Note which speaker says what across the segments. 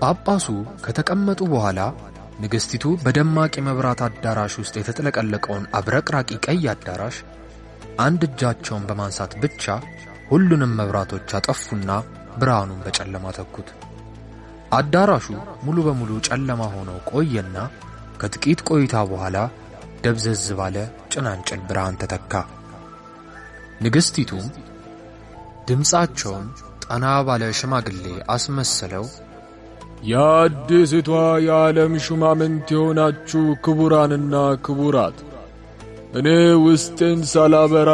Speaker 1: ጳጳሱ ከተቀመጡ በኋላ ንግሥቲቱ በደማቅ የመብራት አዳራሽ ውስጥ የተጥለቀለቀውን አብረቅራቂ ቀይ አዳራሽ አንድ እጃቸውን በማንሳት ብቻ ሁሉንም መብራቶች አጠፉና ብርሃኑን በጨለማ ተኩት። አዳራሹ ሙሉ በሙሉ ጨለማ ሆኖ ቆየና ከጥቂት ቆይታ በኋላ ደብዘዝ ባለ ጭናንጭል ብርሃን ተተካ። ንግሥቲቱም ድምፃቸውን ጠና ባለ ሽማግሌ አስመሰለው የአዲስቷ የዓለም ሹማምንት የሆናችሁ ክቡራንና ክቡራት፣ እኔ ውስጤን ሳላበራ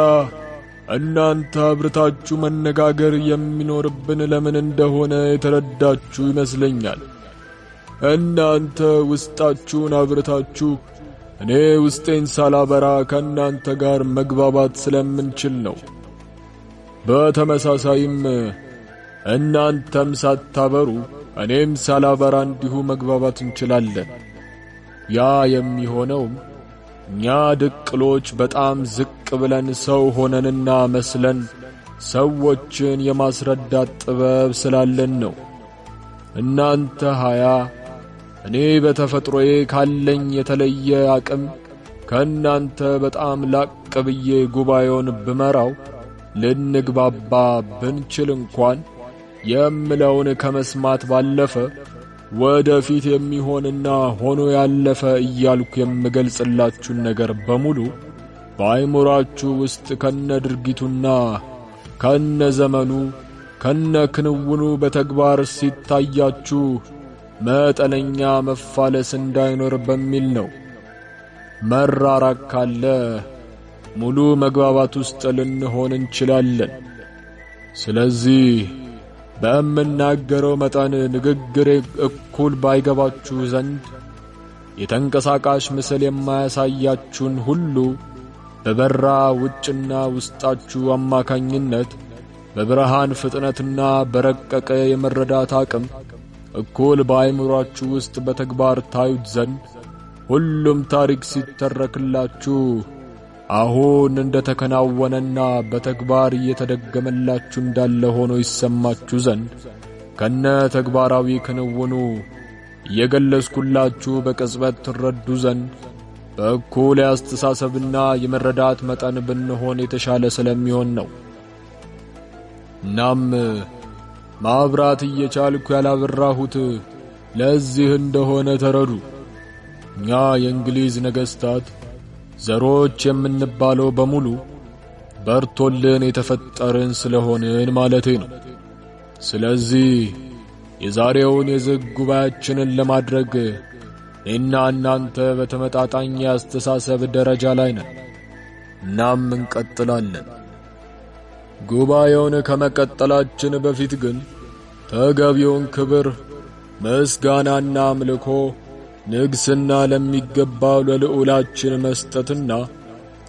Speaker 1: እናንተ አብርታችሁ መነጋገር የሚኖርብን ለምን እንደሆነ የተረዳችሁ ይመስለኛል። እናንተ ውስጣችሁን አብርታችሁ እኔ ውስጤን ሳላበራ ከእናንተ ጋር መግባባት ስለምንችል ነው። በተመሳሳይም እናንተም ሳታበሩ እኔም ሳላበራ እንዲሁ መግባባት እንችላለን። ያ የሚሆነውም እኛ ድቅሎች በጣም ዝቅ ብለን ሰው ሆነንና መስለን ሰዎችን የማስረዳት ጥበብ ስላለን ነው። እናንተ ሃያ እኔ በተፈጥሮዬ ካለኝ የተለየ አቅም ከእናንተ በጣም ላቅ ብዬ ጉባኤውን ብመራው ልንግባባ ብንችል እንኳን የምለውን ከመስማት ባለፈ ወደፊት የሚሆንና ሆኖ ያለፈ እያልኩ የምገልጽላችሁን ነገር በሙሉ በአይምሯችሁ ውስጥ ከነ ድርጊቱና ከነ ዘመኑ ከነ ክንውኑ በተግባር ሲታያችሁ መጠነኛ መፋለስ እንዳይኖር በሚል ነው። መራራቅ ካለ ሙሉ መግባባት ውስጥ ልንሆን እንችላለን። ስለዚህ በምናገረው መጠን ንግግሬ እኩል ባይገባችሁ ዘንድ የተንቀሳቃሽ ምስል የማያሳያችሁን ሁሉ በበራ ውጭና ውስጣችሁ አማካኝነት በብርሃን ፍጥነትና በረቀቀ የመረዳት አቅም እኩል በአይምሯችሁ ውስጥ በተግባር ታዩት ዘንድ ሁሉም ታሪክ ሲተረክላችሁ አሁን እንደ ተከናወነና በተግባር እየተደገመላችሁ እንዳለ ሆኖ ይሰማችሁ ዘንድ ከነ ተግባራዊ ክንውኑ እየገለጽኩላችሁ በቅጽበት ትረዱ ዘንድ በእኩል የአስተሳሰብና የመረዳት መጠን ብንሆን የተሻለ ስለሚሆን ነው። እናም ማብራት እየቻልኩ ያላበራሁት ለዚህ እንደሆነ ተረዱ። እኛ የእንግሊዝ ነገሥታት ዘሮች የምንባለው በሙሉ በርቶልን የተፈጠርን ስለሆንን ማለቴ ነው። ስለዚህ የዛሬውን የዝግ ጉባኤያችንን ለማድረግ እኔና እናንተ በተመጣጣኝ የአስተሳሰብ ደረጃ ላይ ነን። እናም እንቀጥላለን። ጉባኤውን ከመቀጠላችን በፊት ግን ተገቢውን ክብር ምስጋናና አምልኮ ንግስና ለሚገባው ለልዑላችን መስጠትና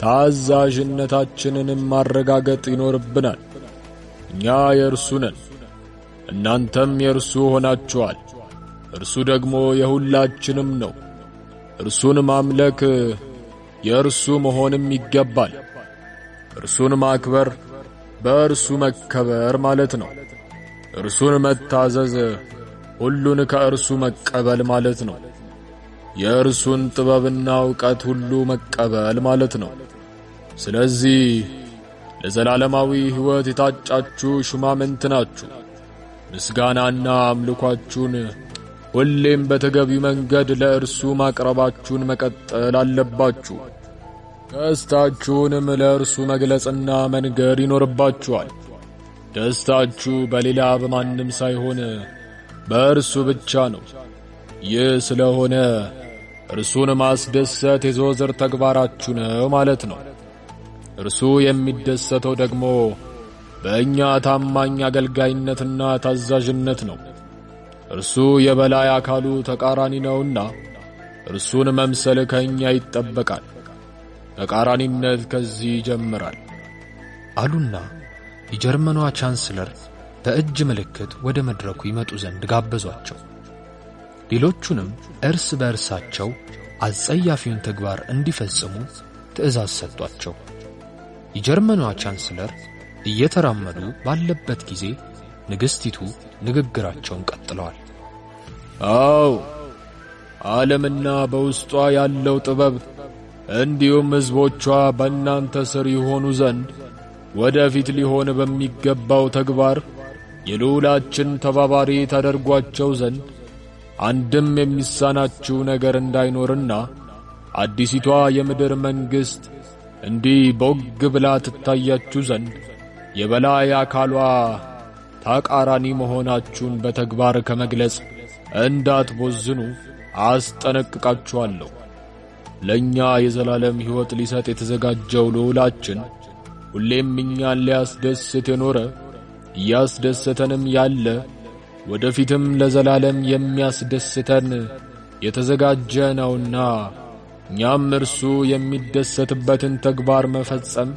Speaker 1: ታዛዥነታችንንም ማረጋገጥ ይኖርብናል። እኛ የእርሱ ነን፣ እናንተም የእርሱ ሆናችኋል። እርሱ ደግሞ የሁላችንም ነው። እርሱን ማምለክ የእርሱ መሆንም ይገባል። እርሱን ማክበር በእርሱ መከበር ማለት ነው። እርሱን መታዘዝ ሁሉን ከእርሱ መቀበል ማለት ነው። የእርሱን ጥበብና እውቀት ሁሉ መቀበል ማለት ነው። ስለዚህ ለዘላለማዊ ሕይወት የታጫችሁ ሹማምንት ናችሁ። ምስጋናና አምልኳችሁን ሁሌም በተገቢው መንገድ ለእርሱ ማቅረባችሁን መቀጠል አለባችሁ። ደስታችሁንም ለእርሱ መግለጽና መንገድ ይኖርባችኋል። ደስታችሁ በሌላ በማንም ሳይሆን በእርሱ ብቻ ነው። ይህ ስለሆነ እርሱን ማስደሰት የዘወትር ተግባራችሁ ነው ማለት ነው። እርሱ የሚደሰተው ደግሞ በእኛ ታማኝ አገልጋይነትና ታዛዥነት ነው። እርሱ የበላይ አካሉ ተቃራኒ ነውና እርሱን መምሰል ከእኛ ይጠበቃል። ተቃራኒነት ከዚህ ይጀምራል
Speaker 2: አሉና የጀርመኗ ቻንስለር በእጅ ምልክት ወደ መድረኩ ይመጡ ዘንድ ጋበዟቸው። ሌሎቹንም እርስ በእርሳቸው አጸያፊውን ተግባር እንዲፈጽሙ ትእዛዝ ሰጧቸው። የጀርመኗ ቻንስለር እየተራመዱ ባለበት ጊዜ ንግሥቲቱ ንግግራቸውን ቀጥለዋል።
Speaker 1: አዎ ዓለምና በውስጧ ያለው ጥበብ እንዲሁም ሕዝቦቿ በእናንተ ሥር ይሆኑ ዘንድ ወደፊት ሊሆን በሚገባው ተግባር የልዑላችን ተባባሪ ታደርጓቸው ዘንድ አንድም የሚሳናችሁ ነገር እንዳይኖርና አዲሲቷ የምድር መንግሥት እንዲህ ቦግ ብላ ትታያችሁ ዘንድ የበላይ አካሏ ታቃራኒ መሆናችሁን በተግባር ከመግለጽ እንዳትቦዝኑ አስጠነቅቃችኋለሁ። ለእኛ የዘላለም ሕይወት ሊሰጥ የተዘጋጀው ልዑላችን ሁሌም እኛን ሊያስደስት የኖረ እያስደሰተንም ያለ ወደፊትም ለዘላለም የሚያስደስተን የተዘጋጀ ነውና እኛም እርሱ የሚደሰትበትን ተግባር መፈጸም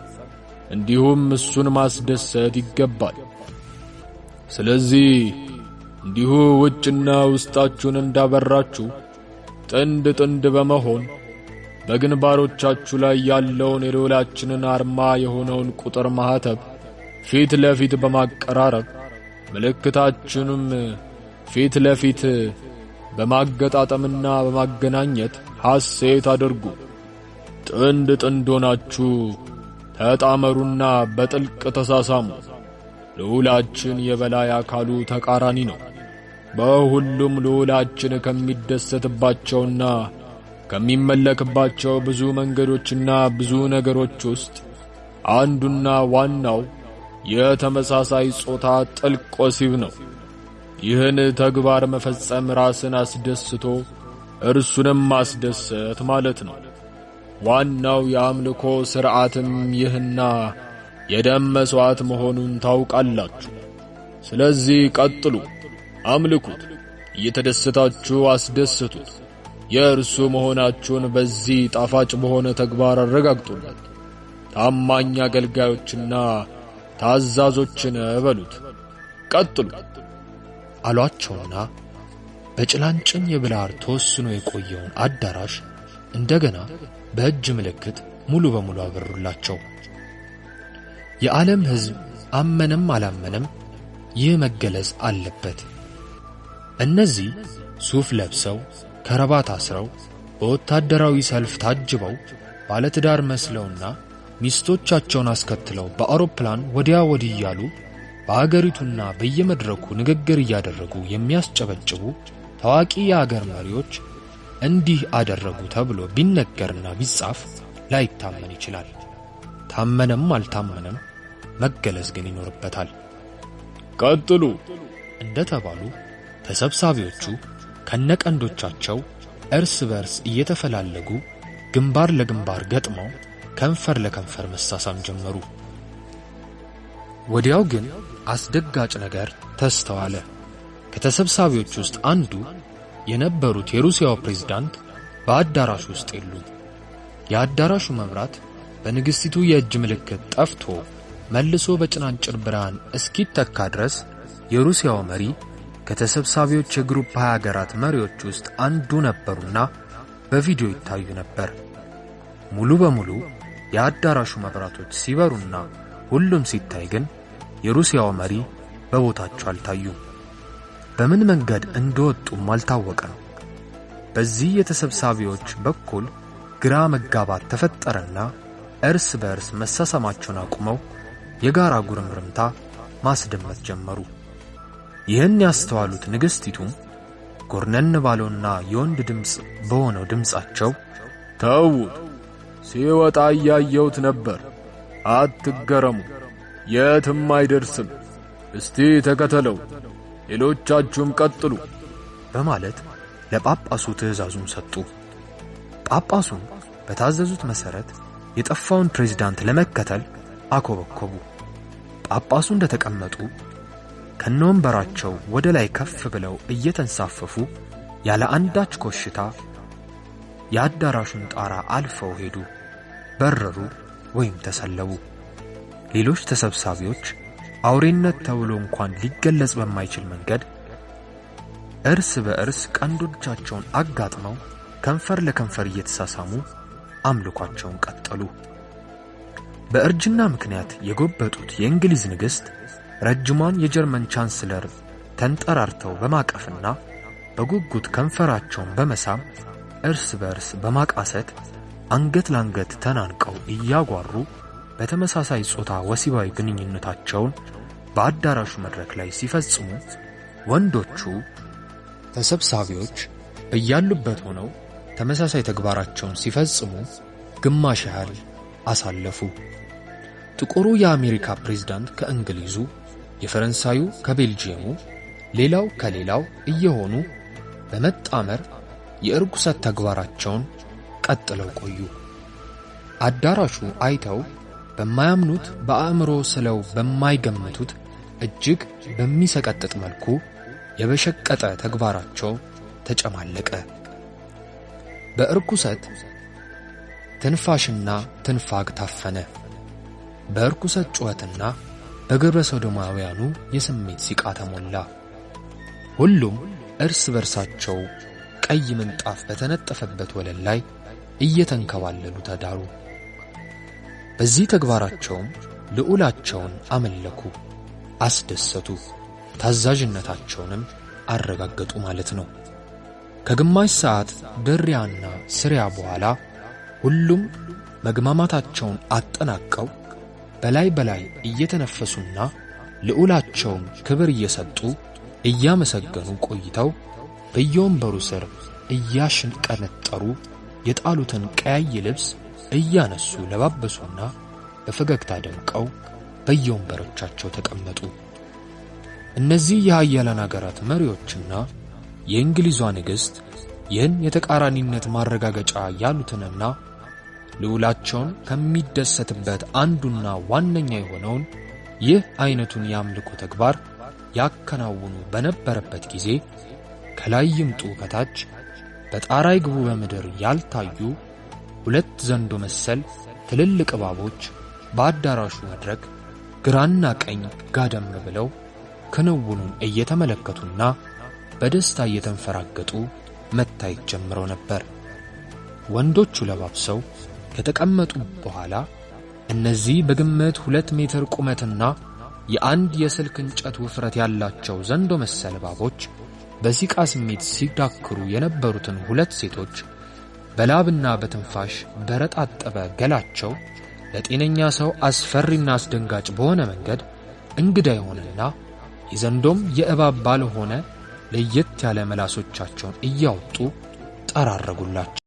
Speaker 1: እንዲሁም እሱን ማስደሰት ይገባል። ስለዚህ እንዲሁ ውጭና ውስጣችሁን እንዳበራችሁ ጥንድ ጥንድ በመሆን በግንባሮቻችሁ ላይ ያለውን የልዑላችንን አርማ የሆነውን ቁጥር ማኅተብ ፊት ለፊት በማቀራረብ ምልክታችንም ፊት ለፊት በማገጣጠምና በማገናኘት ሐሴት አድርጉ። ጥንድ ጥንድ ሆናችሁ ተጣመሩና በጥልቅ ተሳሳሙ። ልዑላችን የበላይ አካሉ ተቃራኒ ነው። በሁሉም ልዑላችን ከሚደሰትባቸውና ከሚመለክባቸው ብዙ መንገዶችና ብዙ ነገሮች ውስጥ አንዱና ዋናው የተመሳሳይ ጾታ ጥልቅ ወሲብ ነው። ይህን ተግባር መፈጸም ራስን አስደስቶ እርሱንም ማስደሰት ማለት ነው። ዋናው የአምልኮ ሥርዓትም ይህና የደም መሥዋዕት መሆኑን ታውቃላችሁ። ስለዚህ ቀጥሉ፣ አምልኩት፣ እየተደሰታችሁ አስደስቱት። የእርሱ መሆናችሁን በዚህ ጣፋጭ በሆነ ተግባር አረጋግጡለት። ታማኝ አገልጋዮችና ታዛዞችን በሉት ቀጥሉ
Speaker 2: አሏቸውና በጭላንጭን የብላር ተወስኖ የቆየውን አዳራሽ እንደገና በእጅ ምልክት ሙሉ በሙሉ አበሩላቸው። የዓለም ሕዝብ አመነም አላመነም ይህ መገለጽ አለበት። እነዚህ ሱፍ ለብሰው ከረባት አስረው በወታደራዊ ሰልፍ ታጅበው ባለትዳር መስለውና ሚስቶቻቸውን አስከትለው በአውሮፕላን ወዲያ ወዲህ እያሉ በአገሪቱና በየመድረኩ ንግግር እያደረጉ የሚያስጨበጭቡ ታዋቂ የአገር መሪዎች እንዲህ አደረጉ ተብሎ ቢነገርና ቢጻፍ ላይታመን ይችላል። ታመነም አልታመነም መገለጽ ግን ይኖርበታል። ቀጥሉ እንደተባሉ ተሰብሳቢዎቹ ከነቀንዶቻቸው እርስ በርስ እየተፈላለጉ ግንባር ለግንባር ገጥመው ከንፈር ለከንፈር መሳሳም ጀመሩ። ወዲያው ግን አስደጋጭ ነገር ተስተዋለ። ከተሰብሳቢዎች ውስጥ አንዱ የነበሩት የሩሲያው ፕሬዝዳንት በአዳራሹ ውስጥ የሉም። የአዳራሹ መብራት በንግሥቲቱ የእጅ ምልክት ጠፍቶ መልሶ በጭናንጭር ብርሃን እስኪተካ ድረስ የሩሲያው መሪ ከተሰብሳቢዎች የግሩፕ 20 አገራት መሪዎች ውስጥ አንዱ ነበሩና በቪዲዮ ይታዩ ነበር ሙሉ በሙሉ የአዳራሹ መብራቶች ሲበሩና ሁሉም ሲታይ ግን የሩሲያው መሪ በቦታቸው አልታዩም። በምን መንገድ እንደወጡም አልታወቀም። በዚህ የተሰብሳቢዎች በኩል ግራ መጋባት ተፈጠረና እርስ በእርስ መሳሰማቸውን አቁመው የጋራ ጉርምርምታ ማስደመት ጀመሩ። ይህን ያስተዋሉት ንግሥቲቱም ጎርነን ባለውና የወንድ ድምፅ በሆነው ድምፃቸው
Speaker 1: ተውት ሲወጣ እያየሁት ነበር። አትገረሙ፣ የትም አይደርስም። እስቲ ተከተለው፣ ሌሎቻችሁም ቀጥሉ
Speaker 2: በማለት ለጳጳሱ ትእዛዙን ሰጡ። ጳጳሱም በታዘዙት መሰረት የጠፋውን ፕሬዝዳንት ለመከተል አኮበኮቡ። ጳጳሱ እንደተቀመጡ ከነወንበራቸው ወደ ላይ ከፍ ብለው እየተንሳፈፉ ያለ አንዳች ኮሽታ የአዳራሹን ጣራ አልፈው ሄዱ። በረሩ ወይም ተሰለቡ። ሌሎች ተሰብሳቢዎች አውሬነት ተብሎ እንኳን ሊገለጽ በማይችል መንገድ እርስ በእርስ ቀንዶቻቸውን አጋጥመው ከንፈር ለከንፈር እየተሳሳሙ አምልኳቸውን ቀጠሉ። በእርጅና ምክንያት የጎበጡት የእንግሊዝ ንግሥት ረጅሟን የጀርመን ቻንስለር ተንጠራርተው በማቀፍና በጉጉት ከንፈራቸውን በመሳም እርስ በእርስ በማቃሰት አንገት ለአንገት ተናንቀው እያጓሩ በተመሳሳይ ጾታ ወሲባዊ ግንኙነታቸውን በአዳራሹ መድረክ ላይ ሲፈጽሙ ወንዶቹ ተሰብሳቢዎች በያሉበት ሆነው ተመሳሳይ ተግባራቸውን ሲፈጽሙ ግማሽ ያህል አሳለፉ። ጥቁሩ የአሜሪካ ፕሬዝዳንት ከእንግሊዙ፣ የፈረንሳዩ ከቤልጅየሙ፣ ሌላው ከሌላው እየሆኑ በመጣመር የእርኩሰት ተግባራቸውን ቀጥለው ቆዩ። አዳራሹ አይተው በማያምኑት በአእምሮ ስለው በማይገምቱት እጅግ በሚሰቀጥጥ መልኩ የበሸቀጠ ተግባራቸው ተጨማለቀ። በእርኩሰት ትንፋሽና ትንፋግ ታፈነ። በእርኩሰት ጩኸትና በግብረ ሰዶማውያኑ የስሜት ሲቃ ተሞላ። ሁሉም እርስ በርሳቸው ቀይ ምንጣፍ በተነጠፈበት ወለል ላይ እየተንከባለሉ ተዳሩ። በዚህ ተግባራቸውም ልዑላቸውን አመለኩ፣ አስደሰቱ፣ ታዛዥነታቸውንም አረጋገጡ ማለት ነው። ከግማሽ ሰዓት ድሪያና ስሪያ በኋላ ሁሉም መግማማታቸውን አጠናቀው በላይ በላይ እየተነፈሱና ልዑላቸውን ክብር እየሰጡ እያመሰገኑ ቆይተው በየወንበሩ ስር እያሽቀነጠሩ የጣሉትን ቀያይ ልብስ እያነሱ ለባበሱና በፈገግታ ደምቀው በየወንበሮቻቸው ተቀመጡ። እነዚህ የሀያላን አገራት መሪዎችና የእንግሊዟ ንግሥት ይህን የተቃራኒነት ማረጋገጫ ያሉትንና ልዑላቸውን ከሚደሰትበት አንዱና ዋነኛ የሆነውን ይህ አይነቱን የአምልኮ ተግባር ያከናውኑ በነበረበት ጊዜ ከላይ ይምጡ ከታች በጣራ ይግቡ በምድር ያልታዩ ሁለት ዘንዶ መሰል ትልልቅ እባቦች በአዳራሹ መድረክ ግራና ቀኝ ጋደም ብለው ክንውኑን እየተመለከቱና በደስታ እየተንፈራገጡ መታየት ጀምረው ነበር። ወንዶቹ ለባብሰው ከተቀመጡ በኋላ እነዚህ በግምት ሁለት ሜትር ቁመትና የአንድ የስልክ እንጨት ውፍረት ያላቸው ዘንዶ መሰል እባቦች በሲቃ ስሜት ሲዳክሩ የነበሩትን ሁለት ሴቶች በላብና በትንፋሽ በረጣጠበ ገላቸው ለጤነኛ ሰው አስፈሪና አስደንጋጭ በሆነ መንገድ እንግዳ የሆነና የዘንዶም የእባብ ባልሆነ ለየት ያለ መላሶቻቸውን እያወጡ ጠራረጉላቸው።